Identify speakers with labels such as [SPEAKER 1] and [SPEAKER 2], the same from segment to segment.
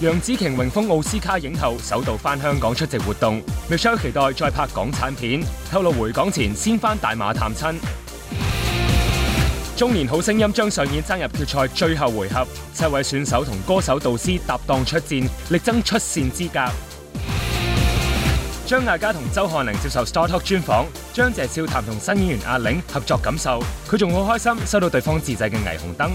[SPEAKER 1] 楊紫瓊榮封奧斯卡影后，首度返香港出席活動，Michelle 期待再拍港產片。透露回港前先翻大馬探親。中年好聲音將上演爭入決賽最後回合，七位選手同歌手導師搭檔出戰，力爭出線資格。張艾嘉同周漢寧接受 StarTalk 專訪，張姐笑談同新演員阿玲合作感受，佢仲好開心收到對方自製嘅霓虹燈。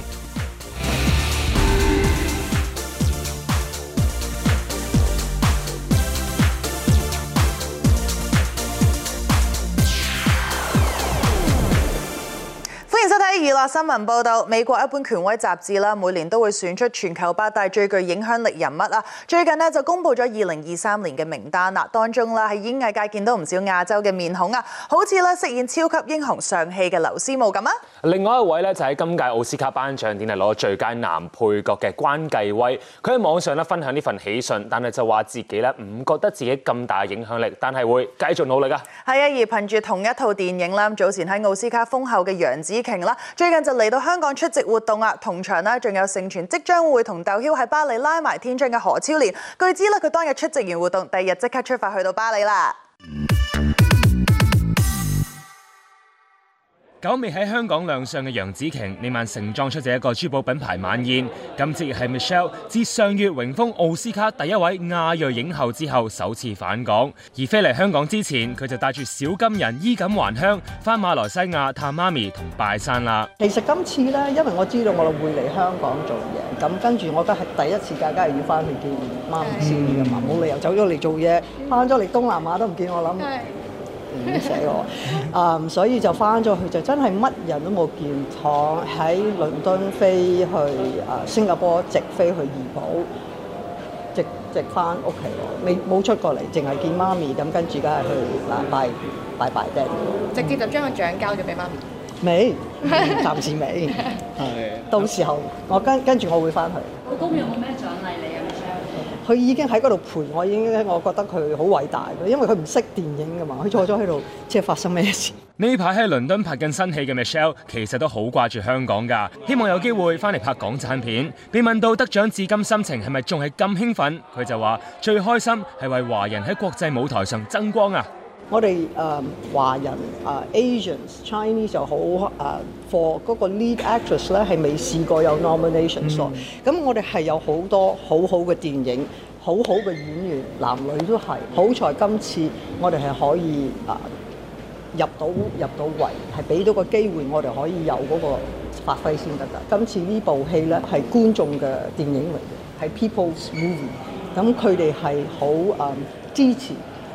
[SPEAKER 2] 娛樂新聞報道，美國一本權威雜誌啦，每年都會選出全球八大最具影響力人物啦。最近咧就公布咗二零二三年嘅名單啦，當中啦喺演藝界見到唔少亞洲嘅面孔啊，好似咧飾演超級英雄上戲嘅劉思慕咁啊。
[SPEAKER 1] 另外一位咧就喺今屆奧斯卡頒獎典禮攞最佳男配角嘅關繼威，佢喺網上咧分享呢份喜訊，但係就話自己咧唔覺得自己咁大影響力，但係會繼續努力啊。
[SPEAKER 2] 係啊，而憑住同一套電影啦，早前喺奧斯卡封後嘅楊紫瓊啦。最近就嚟到香港出席活動啊，同場呢，仲有盛傳，即將會同竇驍喺巴黎拉埋天窗嘅何超蓮。據知咧，佢當日出席完活動，第二日即刻出發去到巴黎啦。
[SPEAKER 1] 久未喺香港亮相嘅楊紫瓊，呢晚盛裝出席一個珠寶品牌晚宴。今次亦係 Michelle 自上月榮封奧斯卡第一位亞裔影后之後，首次返港。而飛嚟香港之前，佢就帶住小金人衣錦還鄉，翻馬來西亞探媽咪同拜山啦。
[SPEAKER 3] 其實今次咧，因為我知道我會嚟香港做嘢，咁跟住我覺得係第一次嫁嫁，家家要翻去見媽咪先噶嘛，冇理由走咗嚟做嘢，翻咗嚟東南亞都唔見我諗唔死我，啊，所以就翻咗去，就真係乜人都冇見。坐喺倫敦飛去啊，新加坡直飛去怡寶，直直翻屋企。你冇出過嚟，淨係見媽咪。咁跟住，梗係去嗱拜拜拜爹哋。直接
[SPEAKER 4] 就將個獎交咗俾媽咪，
[SPEAKER 3] 未？暫時未。係。到時候我跟跟住我會翻去。老
[SPEAKER 5] 公有冇咩獎？
[SPEAKER 3] 佢已經喺嗰度陪我，已經，我覺得佢好偉大咯。因為佢唔識電影㗎嘛，佢坐咗喺度，即係發
[SPEAKER 1] 生咩事？呢排喺倫敦拍緊新戲嘅 Michelle 其實都好掛住香港㗎，希望有機會翻嚟拍港產片。被問到得獎至今心情係咪仲係咁興奮，佢就話最開心係為華人喺國際舞台上爭光啊！
[SPEAKER 3] 我哋誒、uh, 華人、uh, Asians Chinese 就好誒，for 嗰個 lead actress 咧、uh, 係未試過有 nomination 咁、so, mm，我哋係有好多好好嘅電影，好好嘅演員，男女都係。好彩今次我哋係可以、uh, 入到入到圍，係俾到個機會我哋可以有嗰個發揮先得㗎。今次呢部戲咧係觀眾嘅電影嚟嘅，係 People's Movie，咁佢哋係好誒支持。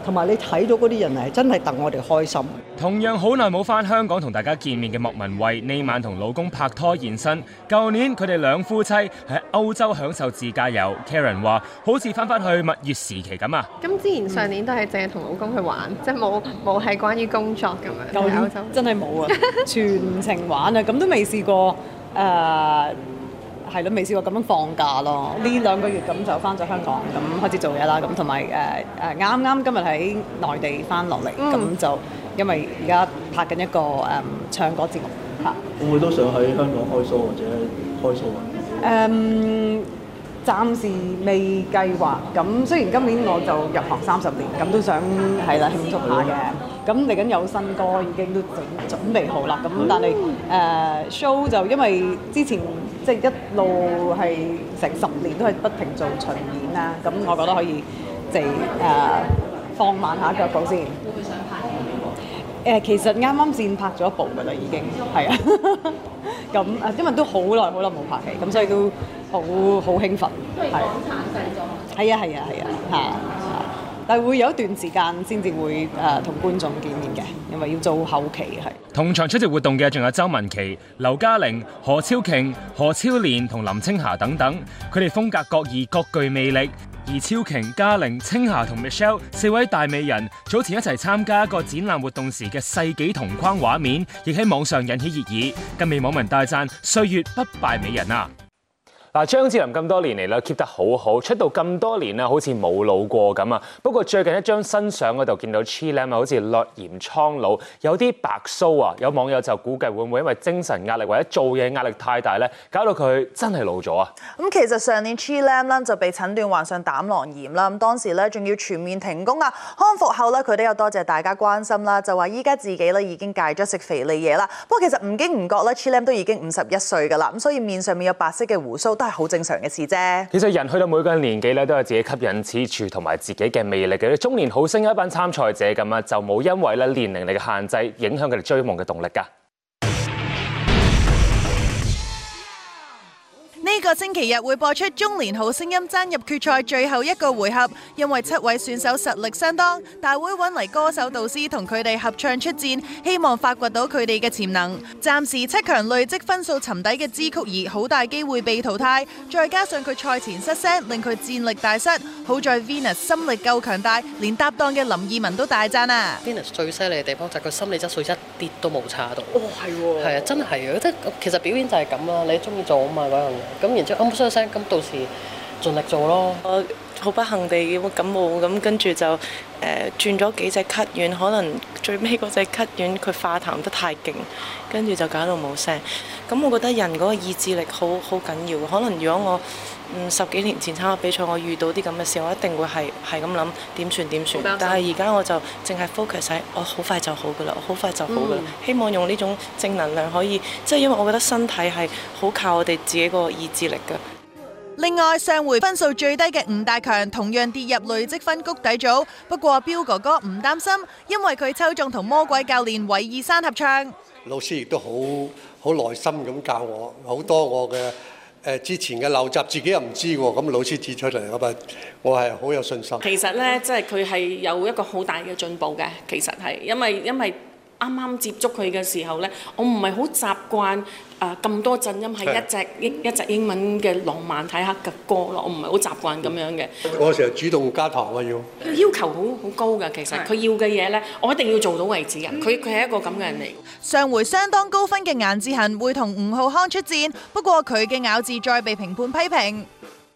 [SPEAKER 3] 同埋你睇到嗰啲人係真係戥我哋開心。
[SPEAKER 1] 同樣好耐冇返香港同大家見面嘅莫文蔚呢晚同老公拍拖現身。舊年佢哋兩夫妻喺歐洲享受自駕遊，Karen 話好似翻返去蜜月時期咁啊！
[SPEAKER 6] 咁之前上年都係淨係同老公去玩，即係冇冇係關於工作咁樣，舊年真係冇啊，全程玩啊，咁都未試過。誒、呃。係咯，未試過咁樣放假咯。呢兩個月咁就翻咗香港，咁開始做嘢啦。咁同埋誒誒，啱、呃、啱今日喺內地翻落嚟，咁、嗯、就因為而家拍緊一個誒唱歌節目嚇。會唔會都想喺
[SPEAKER 7] 香港開 show 或者開 show 啊？誒，
[SPEAKER 6] 暫時未計劃。咁雖然今年我就入行三十年，咁都想係啦慶祝下嘅。咁嚟緊有新歌已經都準準備好啦。咁但係誒、呃、show 就因為之前。即係一路係成十年都係不停做巡演啦，咁我覺得可以即係誒放慢下腳步先。會唔會想拍戲㗎？誒，其實啱啱先拍咗一部㗎啦，已經係啊，咁誒，因為都好耐好耐冇拍戲，咁所以都好好興奮。都係港產啊，係啊係啊嚇！但會有一段時間先至會誒同觀眾見面嘅，因為要做後期，係。
[SPEAKER 1] 同場出席活動嘅仲有周文琪、劉嘉玲、何超瓊、何超蓮同林青霞等等，佢哋風格各異，各具魅力。而超瓊、嘉玲、青霞同 Michelle 四位大美人早前一齊參加一個展覽活動時嘅世紀同框畫面，亦喺網上引起熱議，更被網民大讚歲月不敗美人啊！嗱，張智霖咁多年嚟咧 keep 得好好，出道咁多年咧好似冇老過咁啊！不過最近一張新相嗰度見到 Chilam 好似略顯蒼老，有啲白鬚啊！有網友就估計會唔會因為精神壓力或者做嘢壓力太大咧，搞到佢真係老咗啊？咁
[SPEAKER 2] 其實上年 Chilam 啦就被診斷患上膽囊炎啦，咁當時咧仲要全面停工啊。康復後咧佢都有多謝大家關心啦，就話依家自己咧已經戒咗食肥膩嘢啦。不過其實唔經唔覺咧 Chilam 都已經五十一歲㗎啦，咁所以面上面有白色嘅胡鬚，都係好正常嘅事啫。
[SPEAKER 1] 其實人去到每個年紀咧，都有自己吸引之處同埋自己嘅魅力嘅。中年好聲一班參賽者咁啊，就冇因為咧年齡嚟嘅限制，影響佢哋追夢嘅動力㗎。
[SPEAKER 2] 呢個星期日會播出《中年好聲音》爭入決賽最後一個回合，因為七位選手實力相當，大會搵嚟歌手導師同佢哋合唱出戰，希望發掘到佢哋嘅潛能。暫時七強累積分數沉底嘅支曲兒好大機會被淘汰，再加上佢賽前失聲，令佢戰力大失。好在 Venus 心力夠強大，連搭檔嘅林二汶都大讚啊！Venus 最犀利嘅地方就係佢心
[SPEAKER 3] 理質素一啲都冇差到。哦，係喎、哦，係啊，真係啊，即其實表演就係咁啦，你中意做啊嘛嗰樣。咁然之後啱衰聲，咁到時盡力做咯。我好不幸地
[SPEAKER 2] 感冒，咁跟住就誒轉咗幾隻咳丸，可能最尾嗰隻咳丸佢化痰得太勁，跟住就搞到冇聲。咁我覺得人嗰個意志力好好緊要，可能如果我嗯，十幾年前參加比賽，我遇到啲咁嘅事，我一定會係係咁諗，點算點算。算但係而家我就淨係 focus 喺我好快就好噶啦，我好快就好啦，嗯。希望用呢種正能量可以，即係因為我覺得身體係好靠我哋自己個意志力噶。另外上回分數最低嘅吳大強，同樣跌入累積分谷底組。不過彪哥哥唔擔心，因為佢抽中同魔鬼教練維爾山合唱。
[SPEAKER 8] 老師亦都好好耐心咁教我，好多我嘅。之前嘅陋習自己又唔知喎，咁老師指出嚟，我咪我係好有
[SPEAKER 3] 信心。其
[SPEAKER 7] 實咧，即係佢係有一個好大嘅進步嘅，其實係因為因為。因為啱啱接觸佢嘅時候咧，我唔係好習慣誒咁多陣音係一隻英一隻英文嘅浪漫體克嘅歌咯，我唔係好習慣咁樣嘅、嗯。
[SPEAKER 9] 我成日主動
[SPEAKER 8] 加糖啊要。
[SPEAKER 7] 要求好
[SPEAKER 2] 好高嘅，其
[SPEAKER 7] 實佢要嘅嘢咧，我一定要做到為止嘅。佢佢
[SPEAKER 2] 係一個咁嘅人嚟、嗯嗯。上回相當高分嘅顏志恒會同吳浩康出戰，不過佢嘅咬字再被評判批評。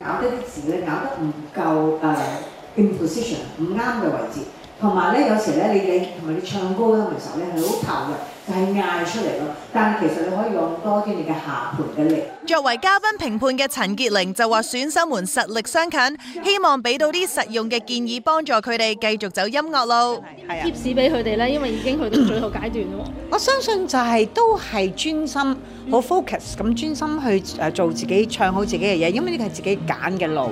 [SPEAKER 6] 咬啲字咧咬得唔夠誒、uh，imposition 唔啱嘅位置。同埋咧，有時咧，你你同埋你唱歌咧，嗰陣時候咧，係好投入。係嗌出嚟咯，但係其實你可以用多啲你嘅下盤
[SPEAKER 2] 嘅力。作為嘉賓評判嘅陳潔玲就話選手們實力相近，希望俾到啲實用嘅建議幫助佢哋繼續走音樂路。係啊，tips 俾佢哋咧，因為已經去到最後階段
[SPEAKER 6] 咯。我相信就係、是、都係專心，好 focus 咁專心去誒做自己唱好自己嘅嘢，因為呢個係自己揀嘅路。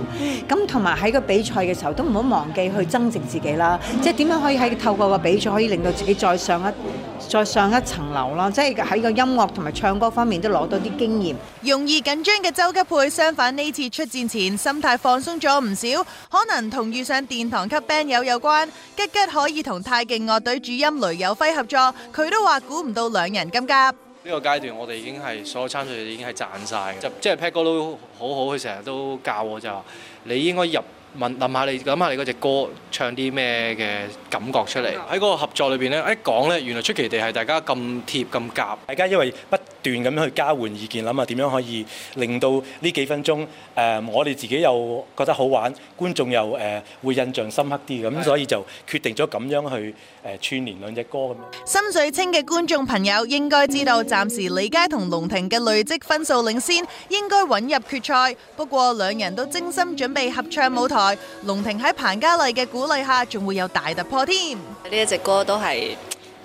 [SPEAKER 6] 咁同埋喺個比賽嘅時候，都唔好忘記去增值自己啦。即係點樣可以喺透過個比賽可以令到自己再上一
[SPEAKER 2] 再上一。層即係喺個音樂同埋唱歌方面都攞到啲經驗。容易緊張嘅周吉佩，相反呢次出戰前心態放鬆咗唔少，可能同遇上殿堂級 band 友有，有關。吉吉可以同太極樂隊主音雷有暉合作，佢都話估唔到兩人咁夾。
[SPEAKER 8] 呢、這個階段我哋已經係所有參賽者已經係賺晒嘅，即係 Pat 哥都好好，佢成日都教我就話，你應該入。問諗下你諗下你嗰隻歌唱啲咩嘅感覺出嚟？喺嗰個合作裏邊咧，一講咧，原來出奇
[SPEAKER 9] 地係大家咁貼咁夾，大家因為不斷咁樣去交換意見，諗下點樣可以令到呢幾分鐘誒，我哋自己又覺得好玩，觀眾又誒會印象深刻啲咁，所以就決定咗咁樣去。誒串連兩隻歌咁樣，
[SPEAKER 2] 心水清嘅觀眾朋友應該知道，暫時李佳同龍庭嘅累積分數領先，應該穩入決賽。不過兩人都精心準備合唱舞台，龍庭喺彭家麗嘅鼓勵下，仲會有大突破添。呢一隻歌都
[SPEAKER 5] 係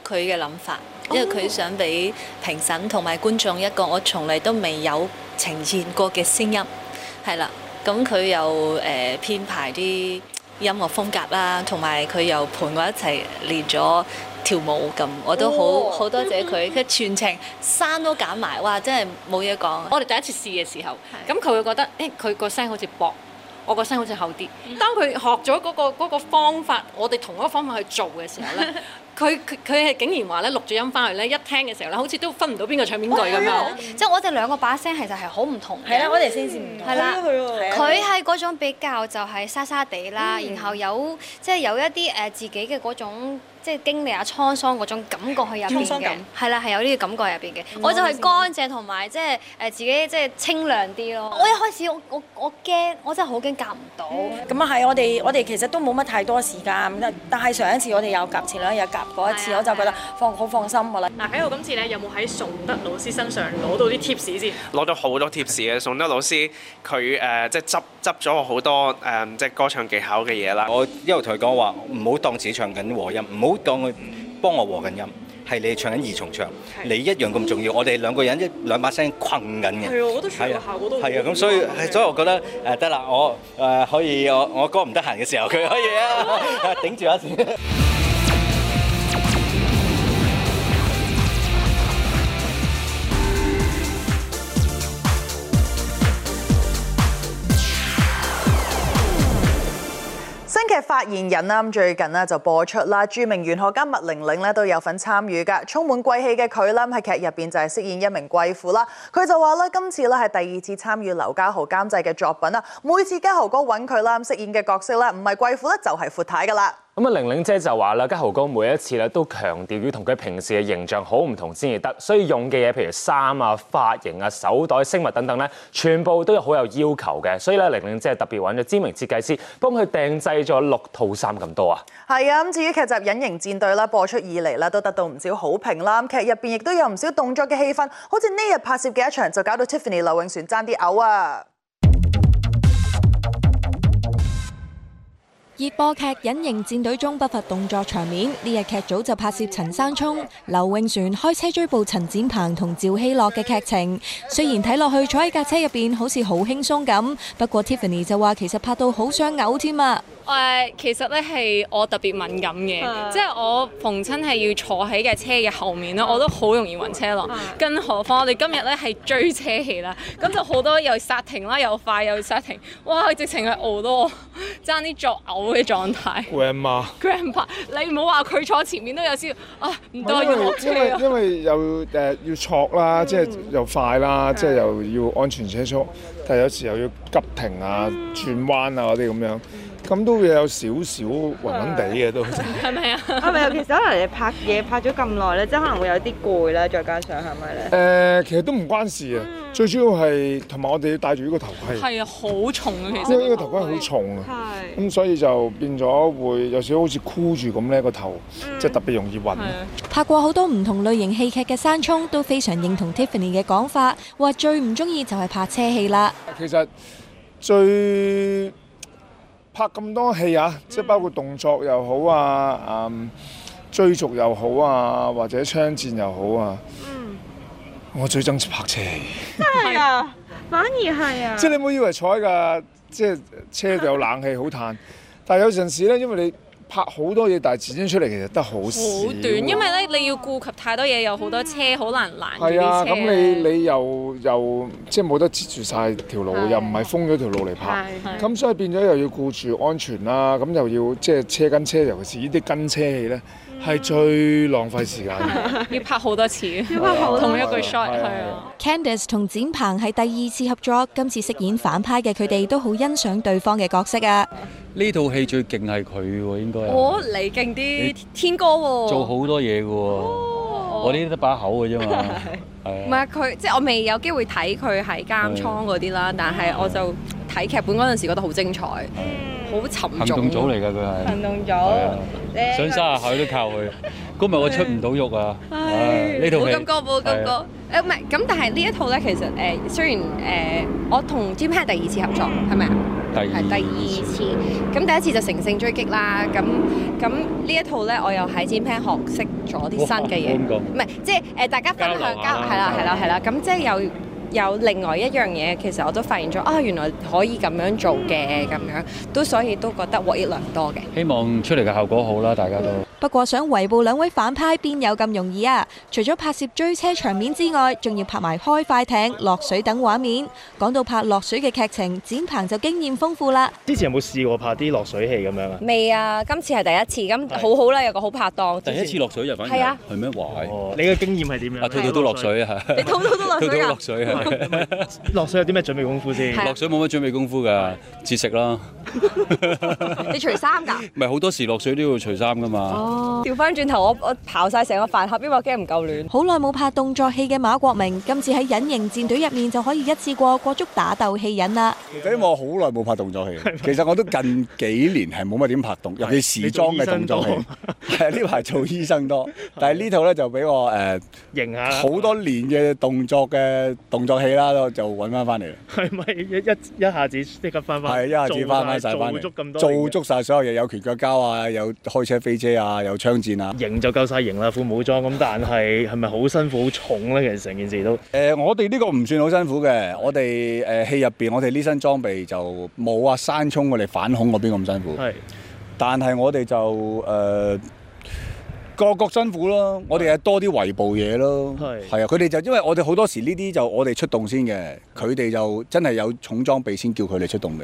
[SPEAKER 5] 佢嘅諗
[SPEAKER 10] 法，因為佢想俾評審同埋觀眾一個我從嚟都未有呈現過嘅聲音。係啦，咁佢又誒編排啲。音樂風格啦，同埋佢又陪我一齊練咗跳舞咁、哦，我都好好、哦、多謝佢。佢、嗯、全程衫 都揀埋，哇！真係冇嘢講。我哋第一次試嘅時候，咁佢會覺得，誒、欸，佢個聲好似薄，我個聲好似厚啲、嗯。當佢學咗嗰、嗰個嗰個方法，我哋同一個方法去做嘅時候呢。 佢佢佢係竟然話咧錄住音翻嚟咧，一聽嘅時候咧，好似都分唔到邊個唱邊
[SPEAKER 5] 句㗎嘛。即係我哋兩個把聲其實係好唔同嘅。係啦、嗯，我哋聲線唔同。係啦，佢佢係嗰種比較就係沙沙地啦、嗯，然後有即係、就是、有一啲誒、呃、自己嘅嗰種即係經歷啊滄桑嗰種感覺去入面嘅。係啦，係有呢個感覺入邊嘅。我就係乾淨同埋即係誒自己即係清涼啲咯。我一開始我我我驚，我真係好驚夾唔到。咁啊係，我哋我哋
[SPEAKER 4] 其實都冇乜太多時間，但係上一次我哋有夾，嗯、前兩日嗰一次我就覺得放好放心嘅啦。嗱，喺度今次咧有冇喺崇德老師身上攞到啲 tips 先？
[SPEAKER 8] 攞咗好多 tips 嘅崇德老師，佢誒即係執執咗我好多誒即係歌唱技巧嘅嘢啦。我一路同佢講話，唔好當自己唱緊和音，唔好當佢幫我和緊音，係你唱緊二重唱，你一樣咁重要。我哋兩個人一兩把聲在困緊嘅。
[SPEAKER 6] 係啊，我，所以所以
[SPEAKER 8] okay. 所以我覺得成個效果都係啊，咁所以所以，我覺得誒得啦，我誒可以我我哥唔得閒嘅時候，佢可以啊 頂住一次。
[SPEAKER 2] 嘅發言人啦，最近咧就播出啦，著名玄學家麥玲玲咧都有份參與噶，充滿貴氣嘅佢啦，喺劇入邊就係飾演一名貴婦啦，佢就話咧今次咧係第二次參與劉家豪監製嘅作品啊，每次家豪哥揾佢啦，飾演嘅角色咧唔係貴婦咧就係闊太噶啦。
[SPEAKER 1] 咁、嗯、啊，玲玲姐就話啦，家豪哥每一次咧都強調要同佢平時嘅形象好唔同先至得，所以用嘅嘢譬如衫啊、髮型啊、手袋、飾物等等咧，全部都有好有要求嘅。所以咧，玲玲姐係特別揾咗知名設計師幫佢訂製咗六套衫咁多啊。
[SPEAKER 2] 係啊，咁至於劇集《隱形戰隊》啦，播出以嚟啦都得到唔少好評啦。咁劇入邊亦都有唔少動作嘅戲份。好似呢日拍攝嘅一場就搞到 Tiffany、劉永璇爭啲嘔啊！
[SPEAKER 10] 熱播劇《隱形戰隊》中不乏動作場面，呢日劇組就拍攝陳山聰、劉穎璇開車追捕陳展鵬同趙希洛嘅劇情。雖然睇落去坐喺架車入邊好似好輕鬆咁，不過 Tiffany 就話其實拍到好想嘔添啊！誒、uh，其實咧係我特別敏感嘅，yeah. 即係我逢親係要坐喺架車嘅後面啦、yeah. yeah.，我都好容易暈車咯。更何況我哋今日咧係追車戲啦，咁就好多又剎停啦，又快又剎停，哇！直情係熬多爭啲作嘔。嘅狀
[SPEAKER 11] 態。grandma，grandpa，
[SPEAKER 10] 你唔好話佢坐前面都有少啊，唔對路
[SPEAKER 11] 因為因為又要駙、呃、啦，嗯、即係又快啦，嗯、即係又要安全車速，嗯、但係有時候又要急停啊、嗯、轉彎啊嗰啲咁樣，咁、嗯、都會有少少暈暈地嘅都。係
[SPEAKER 10] 咪啊？係咪？其實可能你拍嘢拍咗咁耐咧，即係可能會有啲攰啦，再加上係咪
[SPEAKER 11] 咧？誒，其實都唔關事啊。嗯最主要係同埋我哋要戴住呢個頭盔，係啊，
[SPEAKER 10] 好重啊，其實即係呢個
[SPEAKER 11] 頭盔好重啊，咁所以就變咗會有時好似箍住咁咧個頭，即係特別容易暈、嗯。
[SPEAKER 10] 拍過好多唔同類型戲劇嘅山聰都非常認同 Tiffany 嘅講法，話最唔中意就係拍車戲啦。
[SPEAKER 11] 其實最拍咁多戲啊，即、嗯、係包括動作又好啊，嗯，追逐又好啊，或者槍戰又好啊。我最憎拍車，
[SPEAKER 12] 真係啊， 反而係啊。即係你
[SPEAKER 11] 唔好以為坐喺架即係車度有冷氣好嘆， 但係有陣時咧，因為你拍好多嘢，但係剪出嚟其實得好、啊、短，因
[SPEAKER 10] 為咧你要顧及太多嘢，有好多車好、嗯、難攔。係啊，咁你你
[SPEAKER 11] 又又即係冇得截住晒條路，是又唔係封咗條路嚟拍。咁所以變咗又要顧住安全啦、啊，咁又要即係車跟車，尤其是呢啲跟車戲咧。係最浪費時間
[SPEAKER 10] 嘅 要拍，要拍好多次，要拍好同一句 shot 係啊。Candice 同展鵬係第二次合作，今次飾演反派嘅佢哋都好欣賞對方嘅角色啊。
[SPEAKER 8] 呢套戲最勁係佢喎，應該哦，
[SPEAKER 10] 你勁啲天哥喎、
[SPEAKER 5] 哦，做
[SPEAKER 8] 好多嘢嘅喎，
[SPEAKER 1] 我呢啲得把口嘅啫嘛。係唔
[SPEAKER 10] 係佢？即係我未有機會睇佢喺監倉嗰啲啦，但係我就。睇劇本嗰陣時覺得好精彩，好沉重。行動組嚟㗎
[SPEAKER 8] 佢係行動組，上山下海都靠佢。嗰 日我出唔到喐啊！
[SPEAKER 10] 冇、哎、感覺，冇感覺。誒唔係咁，但係呢一套咧，其實誒、呃、雖然誒、呃、我同詹 pan 係第二次合作，係咪啊？係第二次。咁、嗯、第，第一次就乘勝追擊啦。咁咁呢一套咧，我又喺詹 pan 學識咗啲新嘅嘢。唔係、啊、即係誒、呃、大家分享交流係啦係啦係啦。咁、啊啊、即係有。有另外一樣嘢，其實我都發現咗啊，原來可以咁樣做嘅，咁樣都所以都覺得獲益良多嘅。
[SPEAKER 4] 希望出嚟嘅效果好啦，大家都。嗯
[SPEAKER 10] 不過想圍捕兩位反派，邊有咁容易啊？除咗拍攝追車場面之外，仲要拍埋開快艇、落水等畫面。講到拍落水嘅劇情，展鵬就經驗豐富啦。
[SPEAKER 11] 之前有冇試過拍啲落水戲咁樣啊？
[SPEAKER 10] 未啊，今次係第一次。咁好好啦，有個好拍檔。第一次
[SPEAKER 11] 落水又反而係啊？係咩話？
[SPEAKER 1] 你嘅經驗係點樣？啊，套套都落水啊！你套套都落水啊？落 水係。
[SPEAKER 11] 落 水有啲咩準備功
[SPEAKER 8] 夫先？落水冇乜準備功夫噶，節食啦。
[SPEAKER 10] 你除衫噶？
[SPEAKER 8] 咪好多時落水都要除衫噶嘛？哦
[SPEAKER 10] 調翻轉頭，我我刨晒成個飯盒，因為我驚唔夠暖。好耐冇拍動作戲嘅馬國明，今次喺隱形戰隊入面就可以一次過過足打鬥戲癮啦。
[SPEAKER 9] 因為我好耐冇拍動作戲，其實我都近幾年係冇乜點拍動是是，尤其時裝嘅動作戲。係呢排做醫生多，但係呢套咧就俾我誒，呃、認下好多年嘅動作嘅、啊、動作戲啦，就就揾翻翻嚟。係咪一一一下子即刻翻翻？係一下子翻翻晒翻嘅。做足晒所有嘢，有拳腳交啊，有開車飛車啊。啊！有槍戰啊，型就夠晒型啦，副武裝咁，但係係咪好辛苦、好重咧？其實成件事都誒、呃，我哋呢個唔算好辛苦嘅。我哋誒、呃、戲入邊，我哋呢身裝備就冇啊，山衝我哋反恐嗰邊咁辛苦。係，但係我哋就誒各個辛苦咯。我哋係多啲圍捕嘢咯。係係啊，佢哋就因為我哋好多時呢啲就我哋出動先嘅，佢哋就真係有重裝備先叫佢哋出動嘅。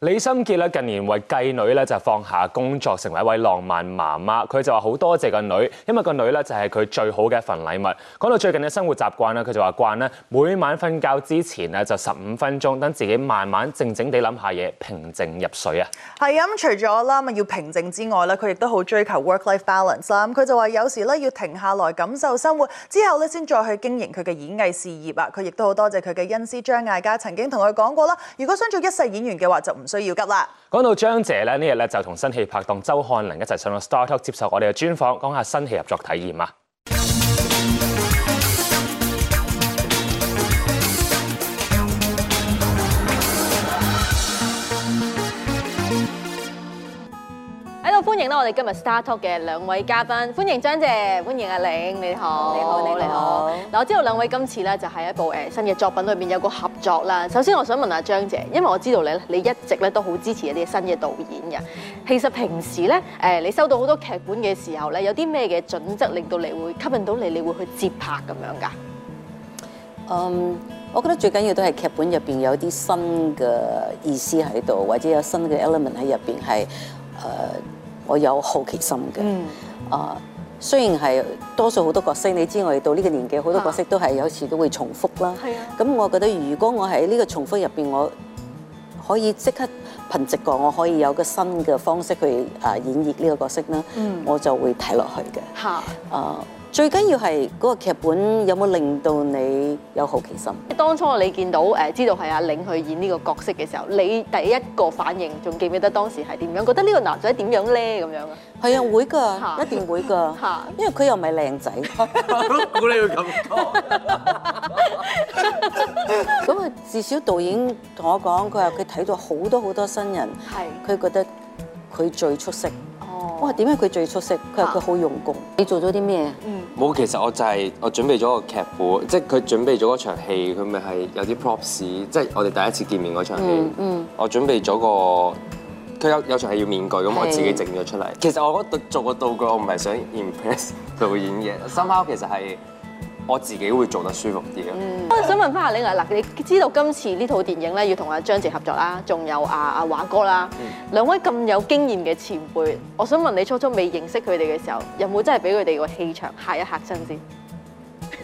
[SPEAKER 1] 李心潔咧近年為繼女咧就放下工作，成為一位浪漫媽媽。佢就話好多謝個女，因為個女咧就係佢最好嘅一份禮物。講到最近嘅生活習慣啦，佢就話慣咧每晚瞓覺之前咧就十五分鐘，等自己慢慢靜靜地諗下嘢，平靜入睡啊。
[SPEAKER 2] 係咁，除咗啦，要平靜之外啦，佢亦都好追求 work-life balance。佢就話有時咧要停下來感受生活，之後咧先再去經營佢嘅演藝事業啊。佢亦都好多謝佢嘅恩師張艾嘉，曾經同佢講過啦，如果想做一世演員嘅話就唔唔需要急啦！
[SPEAKER 1] 講到張姐咧，呢日咧就同新戲拍檔周漢寧一齊上到 StarTalk 接受我哋嘅專訪，講下新戲合作體驗啊！
[SPEAKER 4] 我哋今日 Star Talk 嘅兩位嘉賓，歡迎張姐，歡迎阿玲，你好，你好，你好。嗱，我知道兩位今次咧就係一部誒新嘅作品裏邊有個合作啦。首先，我想問下張姐，因為我知道你咧，你一直咧都好支持一啲新嘅導演嘅。其實平時咧，誒，你收到好多劇本嘅時候咧，有啲咩嘅準則令到你會吸引到你，你會去接拍咁樣噶？嗯，我覺得最緊要都係
[SPEAKER 13] 劇本入邊有啲新嘅意思喺度，或者有新嘅 element 喺入邊係誒。呃我有好奇心嘅，啊、嗯，雖然係多數好多角色，你知我哋到呢個年紀，好多角色都係有時都會重複啦。係啊。咁我覺得，如果我喺呢個重複入邊，我可以即刻憑直覺，我可以有個新嘅方式去啊演繹呢個角色啦。嗯、我就會睇落去嘅。啊。最緊要係嗰個劇本有冇令到你有好奇心？
[SPEAKER 4] 當初你見到誒知道係阿玲去演呢個角色嘅時候，你第一個反應仲記唔記得當時係點樣？覺得呢個男仔點樣咧？咁樣啊？
[SPEAKER 13] 係啊，會㗎，一定會㗎，
[SPEAKER 4] 因為佢又唔係靚仔。
[SPEAKER 8] 估你會咁多？
[SPEAKER 13] 咁啊，至少導演同我講，佢話佢睇到好多好多新人，係，佢覺得佢最出色。我話點解佢最出色？佢話佢好用功。你做咗啲咩？嗯，
[SPEAKER 8] 冇，其實我就係、是、我準備咗個劇本，即係佢準備咗嗰場戲，佢咪係有啲 props，即係我哋第一次見面嗰場戲。嗯，嗯，我準備咗個，佢有有一場係要面具，咁我自己整咗出嚟。其實我覺得做個道具，我唔係想 impress 導演嘅，somehow 其實係。我自己會做得舒服啲咯。
[SPEAKER 4] 我想問翻阿李啊，嗱，你知道今次呢套電影咧要同阿張哲合作啦，仲有阿阿華哥啦，嗯、兩位咁有經驗嘅前輩，我想問你初初未認識佢哋嘅時候，有冇真係俾佢哋個氣場嚇一嚇先
[SPEAKER 8] 先？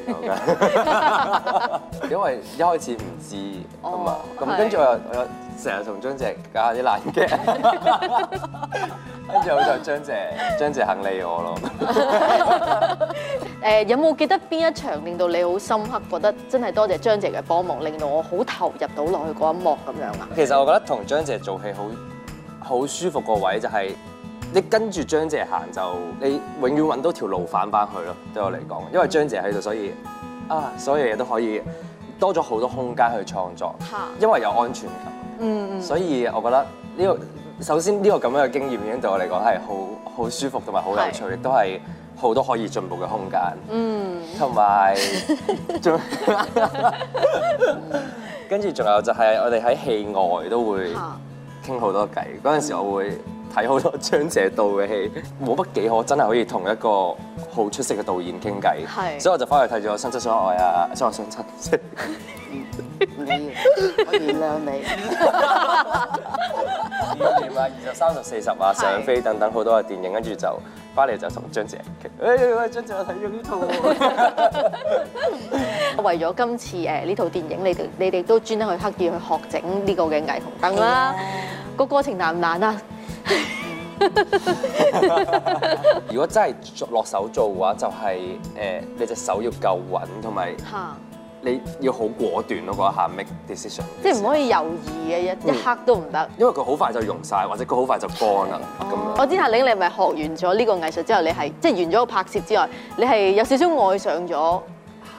[SPEAKER 8] 因為一開始唔知啊咁、哦、跟住我又我又成日同張哲搞下啲爛 gag。然後我跟住好就張姐， 張姐肯理我咯。
[SPEAKER 4] 誒，有冇記得邊一場令到你好深刻，覺得真係多謝張姐嘅幫忙，令到我好投入到落去嗰一幕咁樣啊？
[SPEAKER 8] 其實我覺得同張姐做戲好，好舒服個位就係你跟住張姐行，就你永遠揾到一條路返翻去咯。對我嚟講，因為張姐喺度，所以啊，所有嘢都可以多咗好多空間去創作，因為有安全感。嗯，所以我覺得呢個。首先呢個咁樣嘅經驗已經對我嚟講係好好舒服同埋好有趣，亦都係好多可以進步嘅空間。嗯，同埋跟住仲有就係我哋喺戲外都會傾好多偈。嗰、嗯、陣時我會。睇好多張姐導嘅戲，冇乜幾可真係可以同一個好出色嘅導演傾偈，所以我就翻去睇咗《心之所愛啊，想所愛我、啊、親。
[SPEAKER 13] 唔要，我原諒
[SPEAKER 8] 你。 二十、三十、四十啊，上飛等等好多嘅電影，跟住就翻嚟就同張姐傾。誒、哎、喂，張姐我睇咗
[SPEAKER 14] 呢
[SPEAKER 4] 套，為咗今次誒呢套電影，你哋你哋都專登去刻意去學整呢個嘅霓虹燈啦。個過程難唔難啊？
[SPEAKER 8] 如果真係落手做嘅話，就係誒，你隻手要夠穩，同埋你要好果斷咯，嗰一下 make decision，
[SPEAKER 4] 即係唔可以猶豫嘅一一刻
[SPEAKER 8] 都唔得、嗯。因為佢好快就溶晒，或者佢好快就乾啦。咁
[SPEAKER 4] 我知阿玲你係咪學完咗呢個藝術之後，你係即係完咗個拍攝之外，你係有少少
[SPEAKER 8] 愛上咗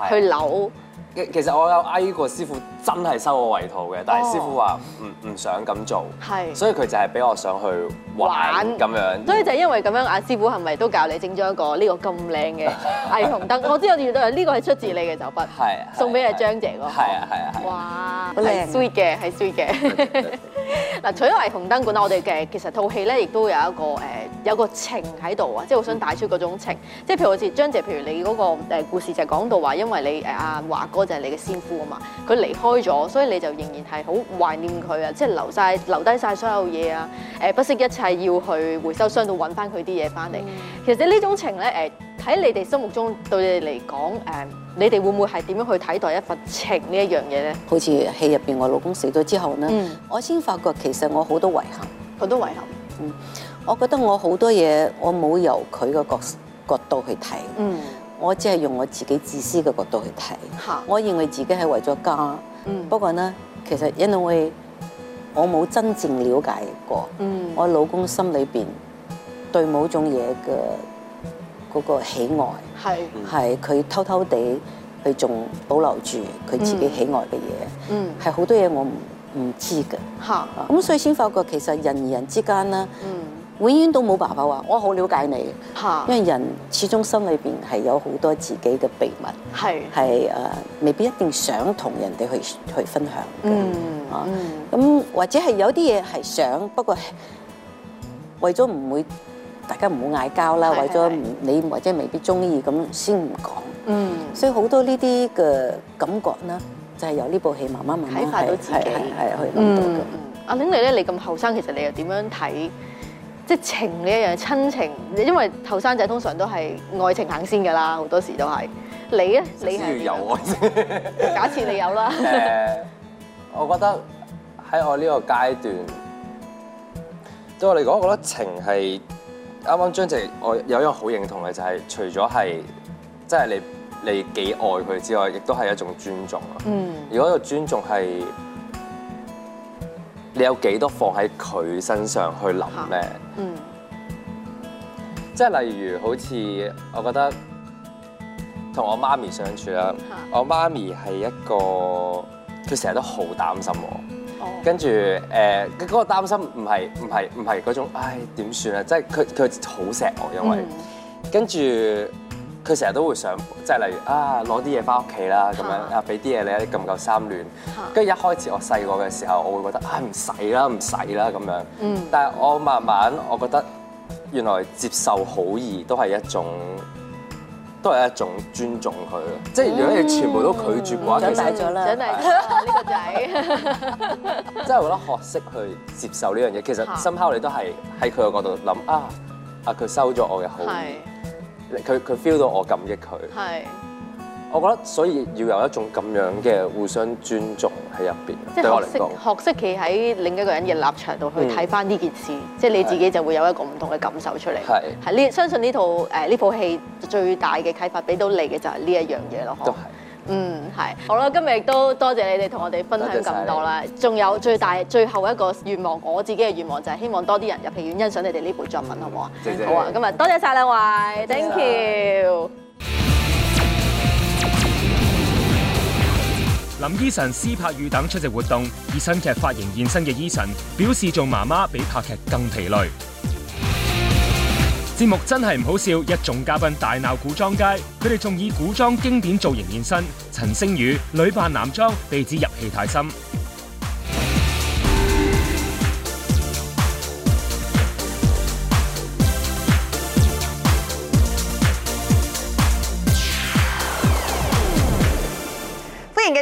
[SPEAKER 8] 去扭？其實我有嗌過師傅。真係收我為徒嘅，但係師傅話唔唔想咁做，係、哦、所以佢就係俾我想去玩咁樣，所以就
[SPEAKER 4] 因為咁樣阿師傅係咪都教你整咗一個呢個咁靚嘅霓虹燈， 我知我見到呢個係出自你嘅手筆，係送俾阿張姐個。係啊係啊係！
[SPEAKER 8] 哇，係
[SPEAKER 4] sweet 嘅，係 sweet 嘅。嗱，除咗霓虹燈管，我哋嘅其實套戲咧亦都有一個誒有個情喺度啊，即係好想帶出嗰種情。即係譬如好似張姐，譬如你嗰個誒故事就係講到話，因為你誒阿華哥就係你嘅先夫啊嘛，佢離開開咗，所以你就仍然係好懷念佢啊！即係留曬留低晒所有嘢啊！誒，不惜一切要去回收箱度揾翻佢啲嘢翻嚟。嗯、其實呢種情咧，誒喺你哋心目中對你哋嚟講，誒你哋會唔會係點樣去睇待一份情呢一樣嘢咧？
[SPEAKER 13] 好似戲入邊，我老公死咗之後咧，嗯、
[SPEAKER 4] 我先發覺其實我好多遺憾，好多遺憾。嗯，
[SPEAKER 13] 我覺得我好多嘢我冇由佢嘅角角度去睇，嗯，我只係用我自己自私嘅角度去睇。嚇，我認為自己係為咗家。嗯嗯、不過咧，其實因為我冇真正了解過，我老公心裏邊對某種嘢嘅嗰個喜愛係，係佢偷偷地去仲保留住佢自己喜愛嘅嘢，係、嗯、好、嗯、多嘢我唔唔知嘅。嚇！咁所以先發覺其實人與人之間咧。嗯永遠都冇爸爸話，我好了解你，因為人始終心裏邊係有好多自己嘅秘密，係係誒，未必一定想同人哋去去分享
[SPEAKER 4] 嘅，
[SPEAKER 13] 咁或者係有啲嘢係想，不過為咗唔會大家唔好嗌交啦，係係係為咗你或者未必中意咁先唔講，嗯，所以好多呢啲嘅感覺呢，就係由呢部戲慢慢慢慢啟發到自己，係去
[SPEAKER 4] 諗到。阿玲，你咧，你咁後生，其實你又點樣睇？即情呢一樣親情，因為後生仔通常都係愛情行先噶啦，好多時都係你咧，你係要有愛先。假設你有啦。 我
[SPEAKER 8] 覺得喺我呢個階段對我嚟講，我覺得情係啱啱張姐，我有一樣好認同嘅就係，除咗係即係你你幾愛佢之外，亦都係一種尊重。嗯，如果個尊重係。你有幾多放喺佢身上去諗咧？嗯，即係例如好似我覺得同我媽咪相處啦，我媽咪係一個佢成日都好擔心我，跟住誒，佢、呃、嗰、嗰個擔心唔係唔係唔係嗰種，唉點算啊！即係佢佢好錫我，因為跟住。嗯。佢成日都會想，即係例如啊，攞啲嘢返屋企啦，咁樣啊，俾啲嘢你啊，夠唔夠衫暖？跟住一開始我細個嘅時候，我會覺得啊，唔使啦，唔使啦咁樣。嗯。但係我慢慢，我覺得原來接受好意都係一種，都係一種尊重佢。即係如果你全部都拒絕嘅話，長大咗啦。
[SPEAKER 4] 長大呢個仔。 真係
[SPEAKER 8] 我覺得學識去接受呢樣嘢，其實深刻你都係喺佢嘅角度諗啊啊！佢收咗我嘅好意。佢佢 feel 到我感激佢，係。我覺得所以要有一種咁樣嘅互相尊重喺入邊，對我嚟講。
[SPEAKER 4] 學識，學識企喺另一個人嘅立場度去睇翻呢件事，即、嗯、係你自己就會有一個唔同嘅感受出嚟。係。係呢，相信呢套誒呢套戲最大嘅啟發俾到你嘅就係呢一樣嘢咯，嗬。嗯，係好啦，今日亦都多謝你哋同我哋分享咁多啦。仲有最大最後一個願望，我自己嘅願望就係希望多啲人入戲院欣賞你哋呢部
[SPEAKER 1] 作品，好唔好？好啊，
[SPEAKER 4] 今日多謝晒兩位，Thank you。
[SPEAKER 1] 林依晨、施柏宇等出席活動，以新劇髮型現身嘅依晨表示，做媽媽比拍劇更疲累。節目真係唔好笑，一眾嘉賓大鬧古裝街，佢哋仲以古裝經典造型現身。陳星宇女扮男裝，被指入戲太深。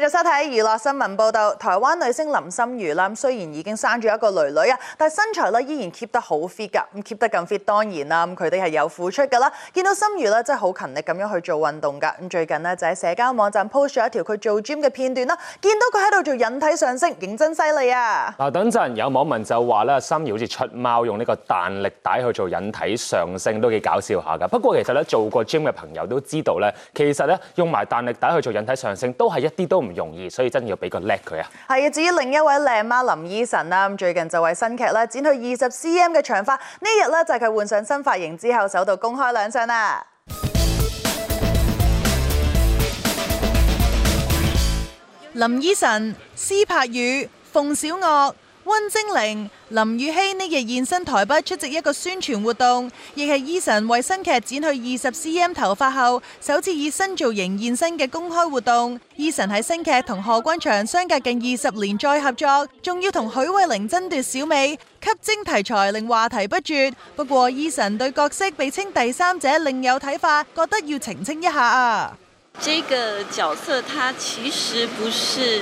[SPEAKER 2] 繼續收睇娛樂新聞報道，台灣女星林心如啦，雖然已經生咗一個女女，啊，但係身材咧依然 keep 得好 fit 噶，咁 keep 得咁 fit 當然啦，佢哋係有付出噶啦。見到心如咧真係好勤力咁樣去做運動噶，咁最近咧就喺社交網站 post 咗一條佢做 gym 嘅片段啦，見到佢喺度做引體上升，認真犀利啊！
[SPEAKER 1] 嗱，等陣有網民就話咧，心如好似出貓，用呢個彈力帶去做引體上升，都幾搞笑下噶。不過其實咧做過 gym 嘅朋友都知道咧，其實咧用埋彈力帶去做引體上升都係一啲都唔～容易，所以真要俾個叻佢啊！
[SPEAKER 2] 係啊，至於另一位靚媽林依晨啦，咁最近就為新劇咧剪去二十 CM 嘅長髮，呢日咧就係佢換上新髮型之後，首度公開亮相啦。林依晨、施柏宇、馮小岳、溫晶玲、林雨希呢日現身台北出席一個宣傳活動，亦係依晨為新劇剪去二十 CM 頭髮後，首次以新造型現身嘅公開活動。依晨喺新劇同賀軍翔相隔近二十年再合作，仲要同許瑋甯爭奪小美吸睛題材，令話題不絕。不過依晨對角色被稱第三者另有睇法，覺得要澄清一下啊。
[SPEAKER 12] 這個角色他其實不是。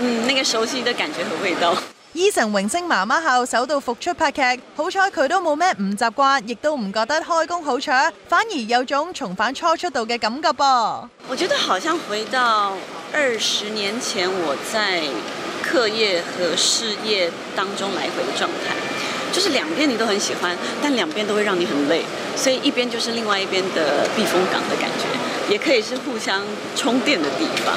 [SPEAKER 12] 嗯，那個熟悉的感覺和味道。
[SPEAKER 2] Eason 榮升媽媽後首度復出拍劇，好彩佢都冇咩唔習慣，亦都唔覺得開工好搶，反而有種重返初出道嘅感覺噃。
[SPEAKER 12] 我覺得好像回到二十年前，我在課業和事業當中來回嘅狀態，就是兩邊你都很喜歡，但兩邊都會讓你很累，所以一邊就是另外一邊的避風港的感覺，也可以是互相充電的地方。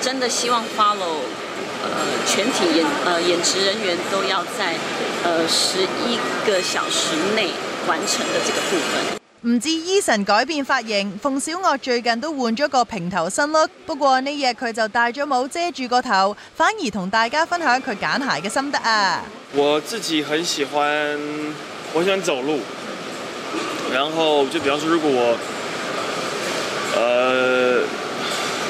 [SPEAKER 12] 真的希望 follow，呃，全體演呃演職人員都要在，呃，十一個小時內完成的這個部分。
[SPEAKER 2] 唔知 Eason 改變髮型，馮小岳最近都換咗個平頭新 look。不過呢日佢就戴咗帽遮住個頭，反而同大家分享佢揀鞋嘅心得啊。
[SPEAKER 9] 我自己很喜歡，我想走路，然後就比方說如果我，呃。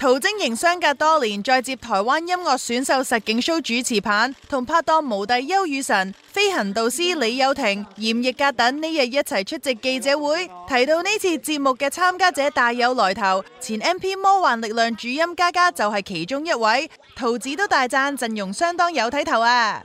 [SPEAKER 2] 陶晶瑩相隔多年再接台灣音樂選秀實境 show 主持棒，同拍檔無敵憂雨神、飛行導師李友廷、嚴奕格等呢日一齊出席記者會，提到呢次節目嘅參加者大有來頭，前 M P 魔幻力量主音嘉嘉就係其中一位，陶子都大讚陣容相當有睇頭啊！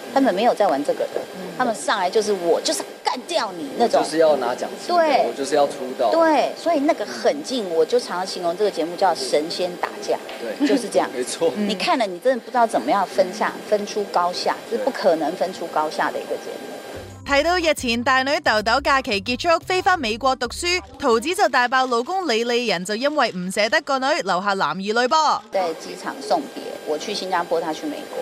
[SPEAKER 14] 他們沒有在玩這個的，嗯，他們上來就是我就是幹掉你那種，就是要拿獎。對，我就是要出道，對，所以那個很勁，嗯，我就常常形容這個節目叫神仙打架，對，對就是這樣，沒錯。你看了，你真的不知道怎麼樣分下，分出高下，是不可能分出高下的一個節目。
[SPEAKER 2] 提到日前大女豆豆假期結束，飛返美國讀書，桃子就大爆老公李麗人就因為唔捨得個女，留下男兒淚噃。對在機場送別，我去新加坡，他去美國。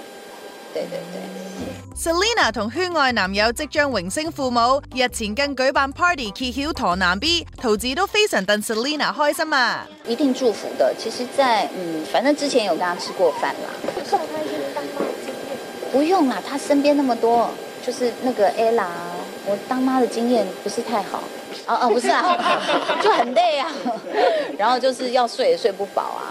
[SPEAKER 2] 對對對，謝謝 Selina 同圈外男友即將榮升父母，日前更舉辦 party 揭曉佗男 B，桃子都非常戥 Selina 開心啊！一定祝福的。其實在嗯，反正之前有跟他吃過飯啦。送
[SPEAKER 14] 不用啦，他身邊那麼多，就是那個 Ella，我當媽的經驗不是太好。哦哦，不是啊， 就很累啊， 然後就是要睡也睡不飽啊。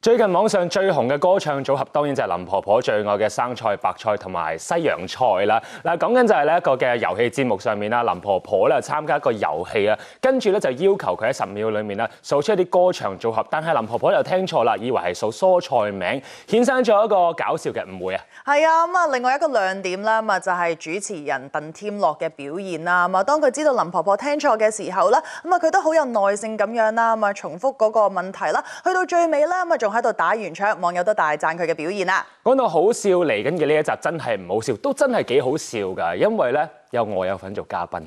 [SPEAKER 1] 最近網上最紅嘅歌唱組合，當然就係林婆婆最愛嘅生菜、白菜同埋西洋菜啦。嗱，講緊就係呢一個嘅遊戲節目上面啦，林婆婆咧參加一個遊戲啊，跟住咧就要求佢喺十秒裏面咧數出一啲歌唱組合，但係林婆婆又聽錯啦，以為係數蔬菜名，衍生咗一個搞笑嘅誤會啊。
[SPEAKER 2] 係啊，咁啊另外一個亮點啦，咁啊就係主持人鄧添樂嘅表現啦。咁啊，當佢知道林婆婆聽錯嘅時候咧，咁啊佢都好有耐性咁樣啦，咁啊重複嗰個問題啦，去到最尾咧咁啊仲我喺度打完槍，網友都大讚佢嘅表現啦。
[SPEAKER 1] 講到好笑，嚟緊嘅呢一集，真係唔好笑，都真係幾好笑㗎，因為咧有我有份做嘉賓。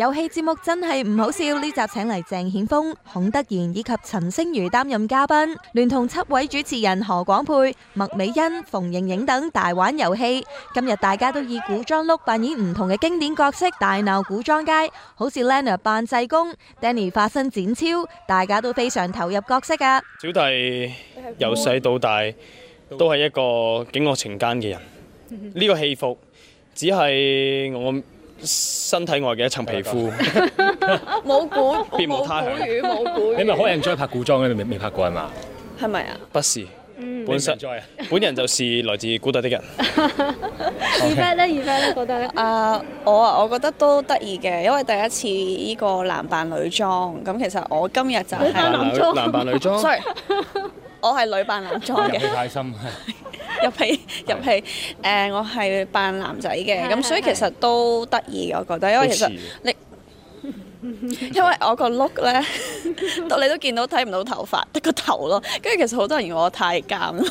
[SPEAKER 10] 遊戲節目真係唔好笑，呢集請嚟鄭顯峰、孔德賢以及陳星瑜擔任嘉賓，聯同七位主持人何廣沛、麥美恩、馮盈盈等大玩遊戲。今日大家都以古裝 look 扮演唔同嘅經典角色，大鬧古裝街，好似 Lena 扮濟公，Danny 化身展超，大家都非常投入角色噶、啊。
[SPEAKER 9] 小弟由細到大都係一個警惡懲奸嘅人，呢、這個戲服只係我。身體外嘅一層皮膚，
[SPEAKER 14] 冇古，
[SPEAKER 1] 別無冇管。
[SPEAKER 12] 你咪好
[SPEAKER 1] enjoy 拍古裝嘅，你未未拍過係嘛？
[SPEAKER 12] 係咪啊？
[SPEAKER 1] 不是，嗯、
[SPEAKER 12] 本身、
[SPEAKER 9] 啊、本人就是來自古代的人。
[SPEAKER 12] 二番咧，二番咧，覺得咧，啊，uh, 我啊，我覺得都得意嘅，因為第一次呢個男扮女裝，咁其實我今日就係男，
[SPEAKER 1] 男，男扮女裝，sorry
[SPEAKER 12] 我係女扮男裝嘅。太深。 入戲入戲，誒、呃，我係扮男仔嘅，咁所以其實都得意，我覺得，因為其實你。 因為我個 look 咧， 到你都見到睇唔到頭髮，得個頭咯。跟住其實好多人話我太監，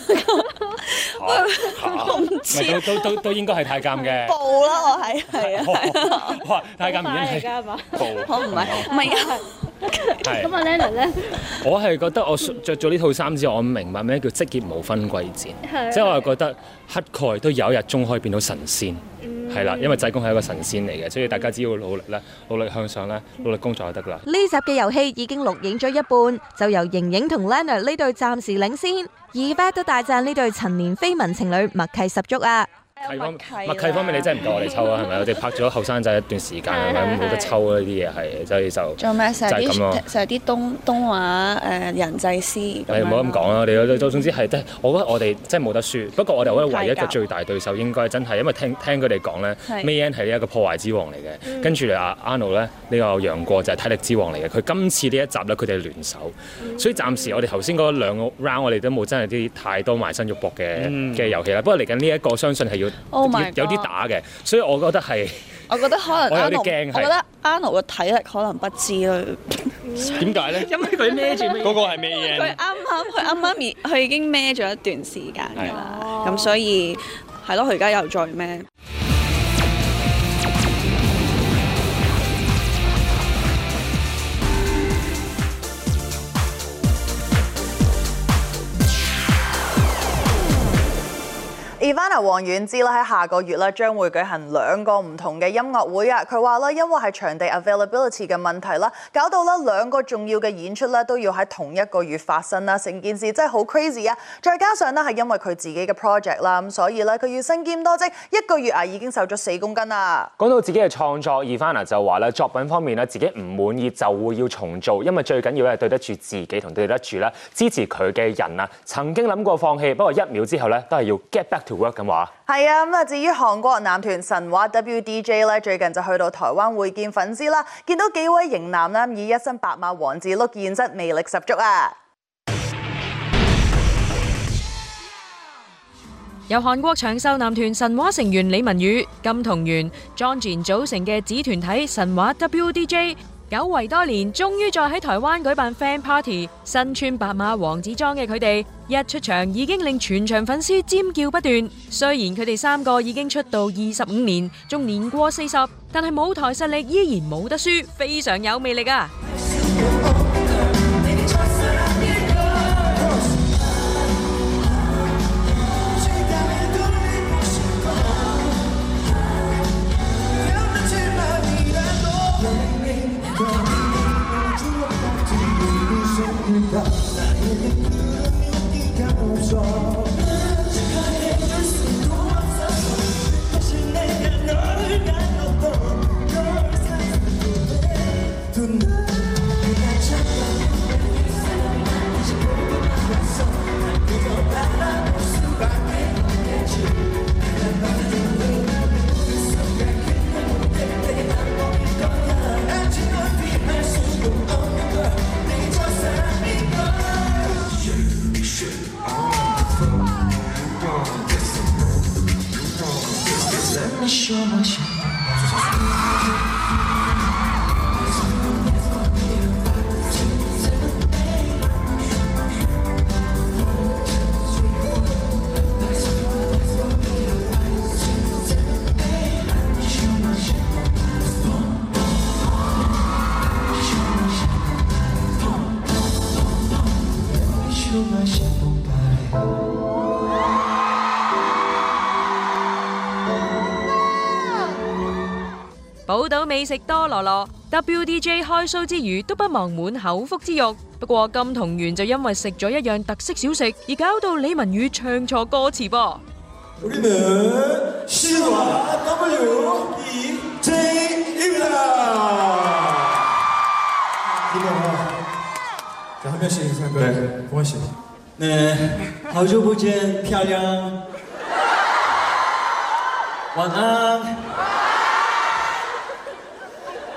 [SPEAKER 12] 哈
[SPEAKER 1] 我唔知都都都應該係太監嘅。
[SPEAKER 12] 暴啦我係，係啊、哦哦
[SPEAKER 1] 哦，太監唔止係
[SPEAKER 14] 暴，我唔係唔係啊。咁阿 Lenny 咧，
[SPEAKER 1] 我係覺得我着咗呢套衫之後，我唔明白咩叫職業無分貴賤，即係、就是、我係覺得乞丐都有一日終可以變到神仙。係啦，因為濟公係一個神仙嚟嘅，所以大家只要努力咧，努力向上咧，努力工作就得啦。
[SPEAKER 10] 呢集嘅遊戲已經錄影咗一半，就由瑩瑩同 Lena 呢對暫時領先，二伯都大讚呢對陳年緋聞情侶默契十足啊！
[SPEAKER 1] 默契、默契方面，你真係唔夠我哋抽啊，係 咪我哋拍咗後生仔一段時間，咪？ 冇得抽啊！啲嘢係，所以就做咩？成啲
[SPEAKER 12] 啲東東話誒人際師誒唔好
[SPEAKER 1] 咁講啊！我哋、啊嗯、總之係，我覺得我哋真係冇得輸。不過我哋覺得唯一嘅最大對手應該真係，因為聽聽佢哋講咧，Mayan 係一個破壞之王嚟嘅，嗯，跟住阿、啊、Arnold 咧呢、呢個楊過就係體力之王嚟嘅。佢今次呢一集咧，佢哋聯手、嗯，所以暫時我哋頭先嗰兩個 round 我哋都冇真係啲太多埋身肉搏嘅嘅遊戲啦。不過嚟緊呢一個相信係要。哦、oh、有啲打嘅，所以我覺得係，
[SPEAKER 12] 我覺得可能 Arnold，我有啲驚。我覺得 Anu 嘅體力可能不知啦。
[SPEAKER 7] 點解咧？因為佢孭住嗰個係咩嘢？佢
[SPEAKER 12] 啱啱佢啱啱咪，佢已經孭咗一段時間㗎啦。咁 所以係咯，佢而家又再孭。
[SPEAKER 2] Ivana 王菀之，咧喺下個月咧將會舉行兩個唔同嘅音樂會啊！佢話咧因為係場地 availability 嘅問題啦，搞到咧兩個重要嘅演出咧都要喺同一個月發生啦，成件事真係好 crazy 啊！再加上咧係因為佢自己嘅 project 啦，咁所以咧佢要身兼多職，一個月啊已經瘦咗四公斤啦！
[SPEAKER 1] 講到自己嘅創作，Ivana 就話咧作品方面咧自己唔滿意就會要重做，因為最緊要咧對得住自己同對得住支持佢嘅人啊！曾經諗過放棄，不過一秒之後咧都係要 get back to
[SPEAKER 2] work 咁啊！咁啊，至於韓國男團神話 WDJ 咧，最近就去到台灣會見粉絲啦，見到幾位型男啦，以一身白馬王子 look 現身，魅力十足啊！
[SPEAKER 7] 由韓國長壽男團神話成員李文宇、金同元、莊賢組成嘅子團體神話 WDJ。久違多年，終於再喺台灣舉辦 Fan Party，身穿白馬王子裝嘅佢哋一出場已經令全場粉絲尖叫不斷。雖然佢哋三個已經出道二十五年，仲年過四十，但係舞台實力依然冇得輸，非常有魅力啊！美食多羅羅，W D J 開 show 之餘都不忘滿口腹之欲。不過金同源就因為食咗一樣特色小食，而搞到李文宇唱錯歌詞噃。
[SPEAKER 1] 晚
[SPEAKER 12] 安。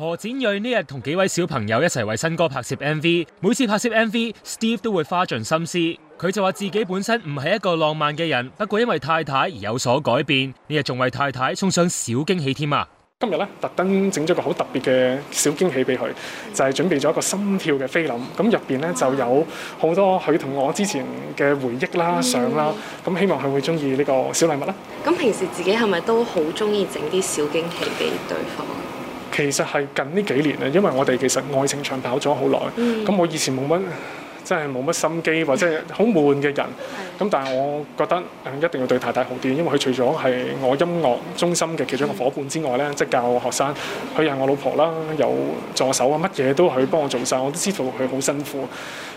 [SPEAKER 1] 何展睿呢日同幾位小朋友一齊為新歌拍攝 MV，每次拍攝 MV，Steve 都會花盡心思。佢就話自己本身唔係一個浪漫嘅人，不過因為太太而有所改變。呢日仲為太太送上小驚喜添啊！
[SPEAKER 9] 今日咧特登整咗個好特別嘅小驚喜俾佢，就係準備咗一個心跳嘅菲林。咁入邊咧就有好多佢同我之前嘅回憶啦、相啦。咁希望佢會中意呢個小禮物啦。
[SPEAKER 10] 咁平時自己係咪都好中意整啲小驚喜
[SPEAKER 9] 俾對方？其實係近呢幾年，因為我哋其實愛情長跑咗好耐，咁、嗯、我以前冇乜，真係冇乜心機或者好悶嘅人。咁但係我覺得一定要對太太好啲，因為佢除咗係我音樂中心嘅其中一個伙伴之外咧，即係教學生，佢係我老婆啦，有助手啊，乜嘢都佢幫我做晒。我都知道佢好辛苦，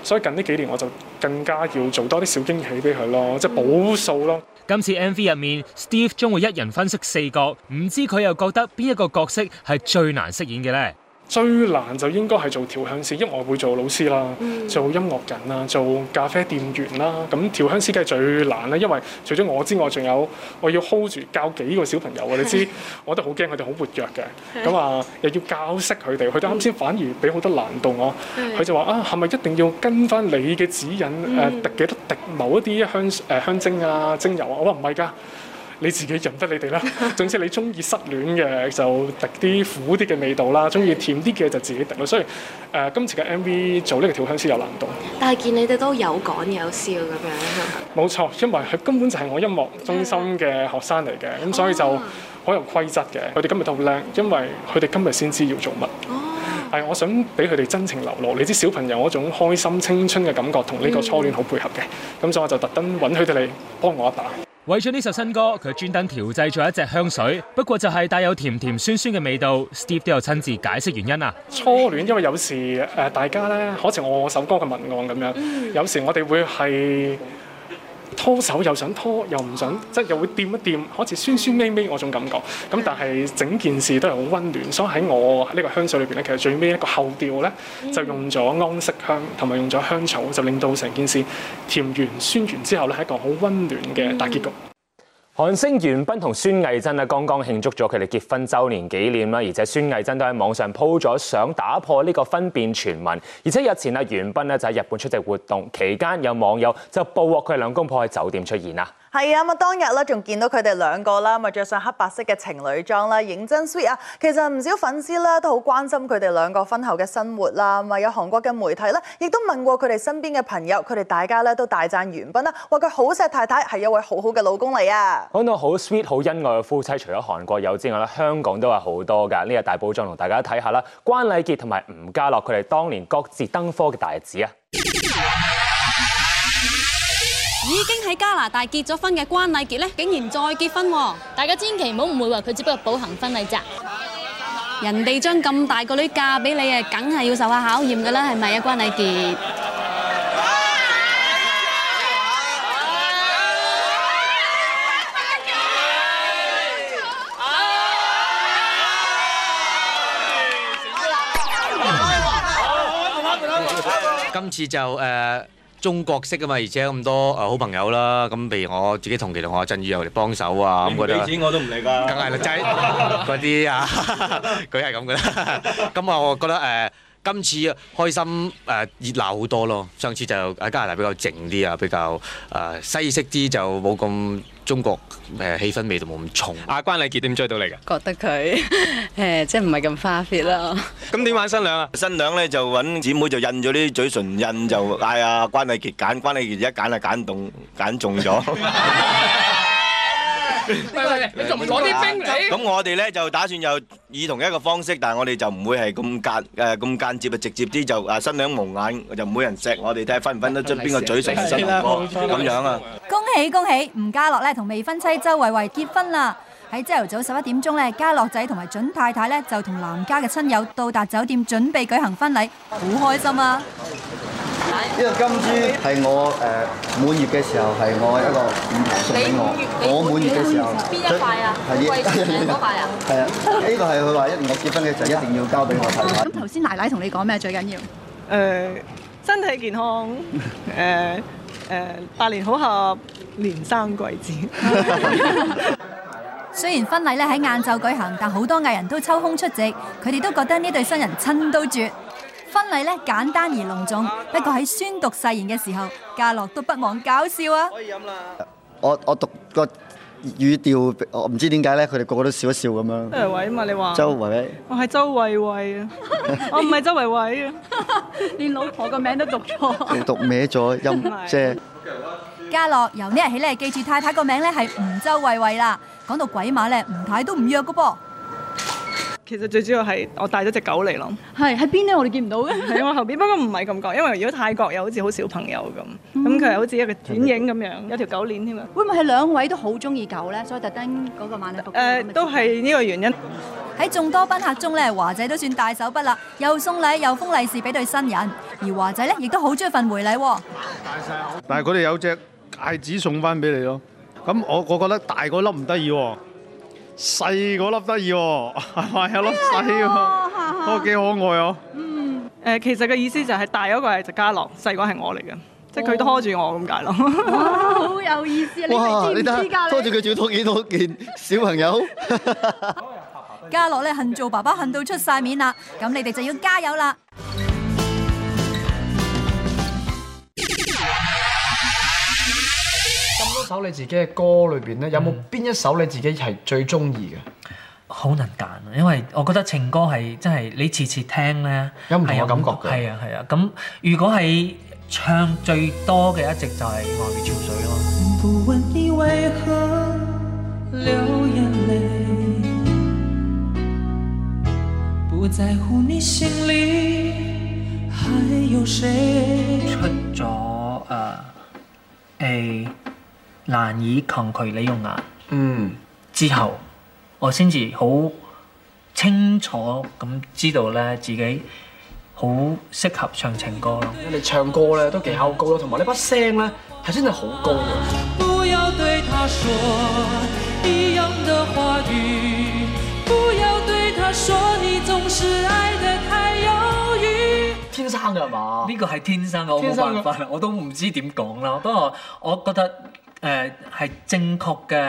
[SPEAKER 9] 所以近呢幾年我就更加要做多啲小驚喜俾佢咯，即係補數咯。
[SPEAKER 1] 今次 MV 入面，Steve 將會一人分析四個，唔知佢又覺得邊一個角色係最難飾演嘅呢？
[SPEAKER 9] 最難就應該係做調香師，因為我會做老師啦、嗯，做音樂人啦，做咖啡店員啦。咁調香師梗係最難啦，因為除咗我之外，仲有我要 hold 住教幾個小朋友 啊。你知我都好驚佢哋好活躍嘅，咁啊又要教識佢哋。佢哋啱先反而俾好多難度我，佢就話啊，係 咪、啊、一定要跟翻你嘅指引誒滴幾多滴某一啲香誒香精啊、精油啊？我話唔係㗎。你自己任得你哋啦。 總之你中意失戀嘅就滴啲苦啲嘅味道啦，中意甜啲嘅就自己滴啦。所以誒、呃，今次嘅 MV 做呢個調香師有難度。
[SPEAKER 10] 但係見你哋都有講有笑咁樣。
[SPEAKER 9] 冇錯，因為佢根本就係我音樂中心嘅學生嚟嘅，咁、嗯、所以就好有規則嘅。佢、oh. 哋今日都好靚，因為佢哋今日先知要做乜。係、oh.，我想俾佢哋真情流露。你知小朋友嗰種開心青春嘅感覺，同呢個初戀好配合嘅。咁、嗯、所以我就特登揾佢哋幫我一打。
[SPEAKER 1] 為咗呢首新歌，佢專登調製咗一隻香水，不過就係帶有甜甜酸酸嘅味道。Steve 都有親自解釋原因啊！
[SPEAKER 9] 初戀，因為有時誒，大家咧，好似我首歌嘅文案噉樣，有時我哋會係。拖手又想拖又唔想，即係又會掂一掂，好似酸酸味味嗰種感覺。咁但係整件事都係好溫暖，所以喺我呢個香水裏面咧，其實最尾一個後調咧，就用咗安息香同埋用咗香草，就令到成件事甜完酸完之後咧，係一個好溫暖嘅大結局。嗯
[SPEAKER 1] 韓星元彬和孫藝珍剛剛慶祝咗佢哋結婚周年紀念啦，而且孫藝珍都喺網上鋪咗相打破這個婚變傳聞，而且日前元袁彬咧就喺日本出席活動期間，有網友就捕獲佢哋兩公婆喺酒店出現啦。
[SPEAKER 2] 係啊！咪當日咧，仲見到佢哋兩個啦，咪着上黑白色嘅情侶裝啦，認真 sweet 啊！其實唔少粉絲咧都好關心佢哋兩個婚後嘅生活啦，咪有韓國嘅媒體咧亦都問過佢哋身邊嘅朋友，佢哋大家咧都大讚元彬啦，話佢好錫太太，係一位好好嘅老公嚟
[SPEAKER 1] 啊！講到好 sweet、好恩愛嘅夫妻，除咗韓國有之外咧，香港都有好多噶。呢個大補妝同大家睇下啦，關禮傑同埋吳家樂佢哋當年各自登科嘅大日子啊！
[SPEAKER 5] 已經喺加拿大結咗婚嘅關禮傑咧，竟然再結婚，大家千祈唔好誤會，話佢只不過補行婚禮咋。人哋將咁大個女嫁俾你啊，梗係要受下考驗噶啦，係咪啊？關禮傑，
[SPEAKER 8] 今次就誒。中國式啊嘛，而且咁多誒、呃、好朋友啦，咁譬如我自己同期同學阿振宇又嚟幫手啊，咁覺得。唔俾錢我都唔嚟㗎。梗係律仔嗰啲啊，
[SPEAKER 6] 佢係
[SPEAKER 8] 咁嘅啦。咁啊，我覺得誒。呃今次啊，開心誒熱鬧好多咯，上次就喺加拿大比較靜啲啊，比較誒西式啲就冇咁中國誒，氣氛味道冇咁重。阿關禮傑點追到你㗎？
[SPEAKER 6] 覺得佢誒即係唔係咁花費喇。
[SPEAKER 8] 咁點玩新娘啊？新娘咧就揾姊妹就印咗啲嘴唇印就嗌阿關禮傑揀，關禮傑一揀就揀中揀中咗。
[SPEAKER 1] 喂！你仲唔攞啲冰仔？咁
[SPEAKER 8] 我哋咧就打算又以同一個方式，但係我哋就唔會係咁間誒咁間接啊，直接啲就誒新娘矇眼，就每人錫我哋睇下分唔分得出邊個嘴成新龍哥嘴唇係新郎哥咁樣啊！
[SPEAKER 5] 恭喜恭喜！吳家樂咧同未婚妻周慧慧結婚啦！喺朝頭早十一點鐘咧，家樂仔同埋準太太咧就同男家嘅親友到達酒店準備舉行婚禮，好開心啊！
[SPEAKER 8] 呢、這個金珠係我誒、呃、滿月嘅時候係我一個禮物送俾我，我滿月嘅時候，邊一
[SPEAKER 12] 塊啊？
[SPEAKER 5] 係呢貴啊？係
[SPEAKER 12] 啊，
[SPEAKER 13] 呢、啊啊、 個係佢話一年我結婚嘅時候一定要交俾我睇。咁
[SPEAKER 5] 頭先奶奶同你講咩最緊要？誒、呃，
[SPEAKER 6] 身體健康。誒、呃、誒，百、呃、年好合，連生貴子。
[SPEAKER 5] 雖然婚禮咧喺晏晝舉行，但好多藝人都抽空出席，佢哋都覺得呢對新人襯都絕。婚禮咧簡單而隆重，不過喺宣讀誓言嘅時候，嘉樂都不忘搞笑啊！可以
[SPEAKER 8] 飲啦！
[SPEAKER 11] 我我讀個語調，我唔知點解咧，佢哋個個都笑一笑咁樣。周偉
[SPEAKER 6] 偉啊嘛，你話？
[SPEAKER 11] 周偉偉。我
[SPEAKER 6] 係周慧慧啊！我唔係周偉偉啊！連老
[SPEAKER 5] 婆個名都讀
[SPEAKER 8] 錯。你讀歪咗又即係。
[SPEAKER 5] 嘉樂由呢日起咧，記住太太個名咧係吳周慧慧啦。講到鬼馬咧，吳太都唔弱噶噃。
[SPEAKER 6] 其實最主要係我帶咗隻狗嚟咯。
[SPEAKER 5] 係喺邊咧？我哋見唔到嘅，喺 我
[SPEAKER 6] 後邊。不過唔係咁講，因為如果泰國又好似好小朋友咁，咁佢係好似一個剪影咁樣，嗯、有一條狗鏈添啊。會唔會
[SPEAKER 5] 係兩位都好中意狗咧？所以特登嗰個
[SPEAKER 6] 晚禮服、呃、都係呢個原因。
[SPEAKER 5] 喺、嗯、眾多賓客中咧，華仔都算大手筆啦，又送禮又封利是俾對新人。而華仔咧亦都好中意份回禮。大細好，
[SPEAKER 11] 但係佢哋有隻戒指送翻俾你咯。咁我我覺得大個粒唔得意喎。細嗰粒得意
[SPEAKER 6] 喎，係啊，粒細，
[SPEAKER 14] 都幾
[SPEAKER 6] 可愛哦。嗯，誒、哦啊嗯呃，其實嘅意思就係大嗰個係陳家樂，細個係我嚟嘅、哦，即係佢都拖住我咁解咯。
[SPEAKER 5] 哇，好有意思，你，你知唔知拖住佢仲要拖幾多
[SPEAKER 8] 件小朋友？
[SPEAKER 5] 家樂咧恨做爸爸恨到出晒面啦，咁你哋就要加油啦！
[SPEAKER 6] 首你
[SPEAKER 8] 自己嘅歌裏邊咧，有冇邊一首你自己係最中意嘅？好、嗯、難揀，
[SPEAKER 7] 因為我覺得情歌係真係你次次聽咧，係有唔同感覺嘅。係啊係啊，咁如果係唱最多嘅，就是，一直就係《愛的潮水》咯。
[SPEAKER 2] 不問你為何流眼淚，
[SPEAKER 7] 不在乎你心裡還有誰。出咗啊、uh, A。難以抗拒李容雅。嗯，之後我先至好清楚咁知道咧，自己好適合唱情歌咯、嗯、你唱歌咧都技巧高咯，同埋你把聲咧係真係好高嘅。不要對他說一樣的話語，不要對他說你總是愛得太憂鬱。天生噶？係嘛，呢個係天生嘅，我冇辦法，我都唔知點講啦，不過我覺得誒、呃、係正確嘅誒、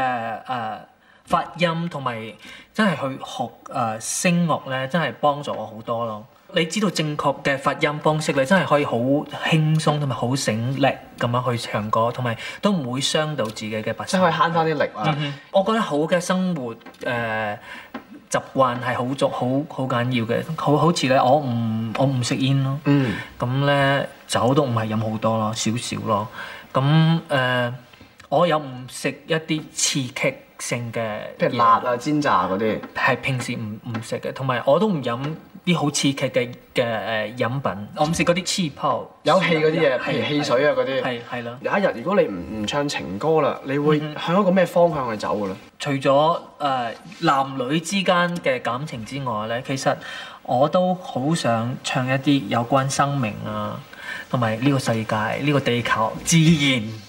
[SPEAKER 7] 呃、發音，同埋真係去學誒、呃、聲樂咧，真係幫助我好多咯。你知道正確嘅發音方式，你真係可以好輕鬆同埋好省力咁樣去唱歌，同埋都唔會傷到自己嘅白。即係慳返啲力啊！Mm-hmm. 我覺得好嘅生活誒、呃、習慣係好足好好緊要嘅，好好似咧，我唔我唔食煙咯。嗯、mm-hmm.，咁咧酒都唔係飲好多咯，少少咯。咁誒。呃我有唔食一啲刺激性嘅，譬如辣啊、煎炸嗰啲，係平時唔唔食嘅，同埋我都唔飲啲好刺激嘅嘅誒飲品，我唔食嗰啲 cheap，有氣嗰啲嘢，譬如汽水啊嗰啲，係係
[SPEAKER 8] 咯。有一日如果你唔唔唱情歌啦，你
[SPEAKER 7] 會向一個咩方向去走噶啦、嗯嗯。除咗誒、呃、男女之間嘅感情之外咧，其實我都好想唱一啲有關生命啊，同埋呢個世界、呢、呢個地球自然。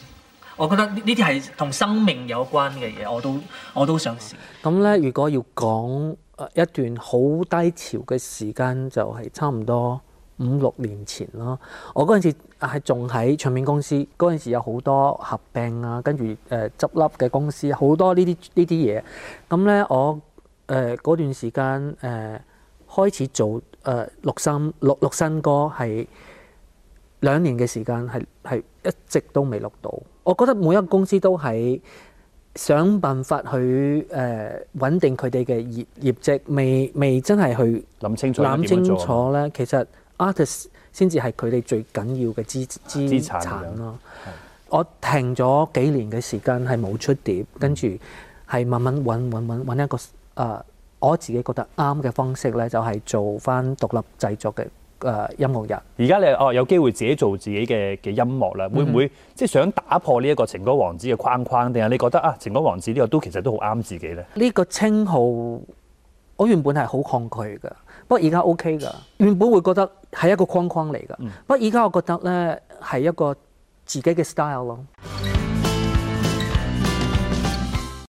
[SPEAKER 7] 我覺得呢啲係同生命有關嘅嘢，我都我都想試。咁、嗯、咧，如果要講一段好低潮嘅時間，就係、是、差唔多五六年前咯。我嗰陣時係仲喺唱片公司，嗰陣時有好多合併啊，跟住誒執笠嘅公司，好多呢啲呢啲嘢。咁咧，我誒嗰、呃、段時間誒、呃、開始做誒錄新錄錄新歌係。呃兩年嘅時間係係一直都未錄到，我覺得每一個公司都係想辦法去誒穩、呃、定佢哋嘅業業績，未未真係去諗清楚諗清楚咧。其實 artist 先至係佢哋最緊要嘅資資產咯。我停咗幾年嘅時間係冇出碟，跟住係慢慢揾揾揾一個誒、呃，我自己覺得啱嘅方式咧，就係、是、做翻獨立製作嘅。誒音樂人，
[SPEAKER 1] 而家你哦有機會自己做自己嘅嘅音樂啦，會唔會嗯嗯即係想打破呢一個情歌王子嘅框框，定係你覺得啊情歌王子呢個都其實都好啱自己咧？
[SPEAKER 7] 呢個稱號我原本係好抗拒嘅，不過而家 OK 㗎。原本會覺得係一個框框嚟㗎，不過而家我覺得咧係一個自己嘅 style 咯。